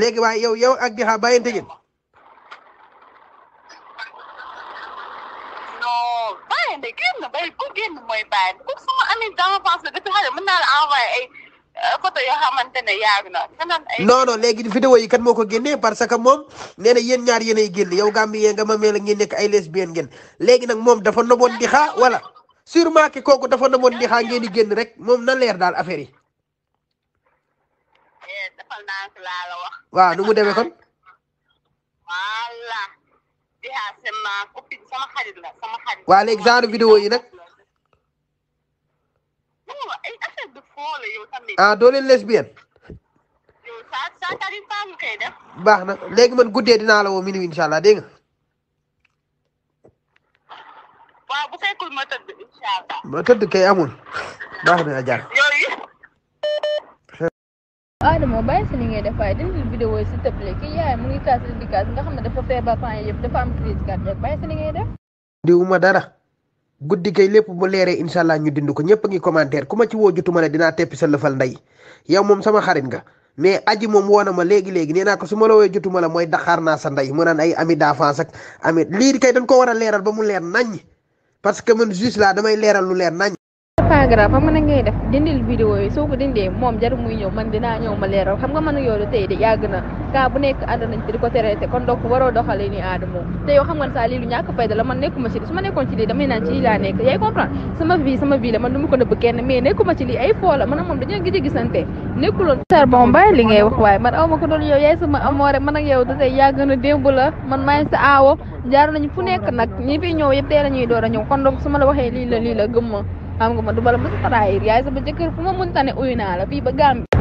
léegi waaye yow yow ak Diakha bàyyante ngeen. non bàyyante génn bay ku génn mooy bàyyi ku sama ami dama pense depuis xale mën naa la euh, na. non non léegi vidéo yi kan moo ko parce que moom nee na yéen ñaar yéenay génn yow Gambien nga ma mel ngeen nekk ay lesbienne ngeen léegi nag moom dafa noboon Diakha wala sûrement que kooku dafa noboon Diakha ngeen di génn rek moom na leer daal affaire yi. naa laa nu mu deme kon. voilà. waa léegi genre vidéo yi nag. ah doo leen baax na léegi man guddee dinaa la woo minuit incha allah dégg ma tëdd incha allah. baax na Adja. Adama bàyyi si li ngay def diwuma dara guddi kay lépp bu leeree incha allah ñu dind ko ñëpp a ngi commentaire ku ma ci woo jotuma ne dinaa teppi sa lëfal ndey yow moom sama xarit nga mais aji moom woo na ma léegi léegi nee naa ko su ma la wooyee jotuma la mooy daxaar naa sa ndey mu naan ay ami d'enfance ak ami lii kay dañ ko war a leeral ba mu leer naññ parce que man juste là damay leeral lu leer naññ. paragraphe am mën ngay def dindil vidéo yi soo ko dindee moom jarul muy ñëw man dinaa ñëw ma leeral xam nga man yoolu tey de yàgg na kaa bu nekk ànd nañ ci di ko traité kon donc waroo doxalee ni aadama te yow xam nga saa lii lu ñàkk fayda la man nekkuma ci li su ma nekkoon ci lii damay naan ci lii laa nekk yaay comprendre sama vie sama vie la man du ma ko nëbb kenn mais nekkuma ci lii ay foo la man ak moom dañoo gis gisante nekkuloon sar bon bay li ngay wax waaye man aw ma ko doon yow yaay sama amoore man ak yow da tey yàgg na démb la man maay sa aawo jaar nañu fu nekk nag ñi fi ñëw yëpp tee la ñuy door a ñëw kon donc su ma la waxee lii la lii la gëm ma xam nga man du bala mës a trahir yaay sama jëkkër fu ma mënta ne uyu naa la fii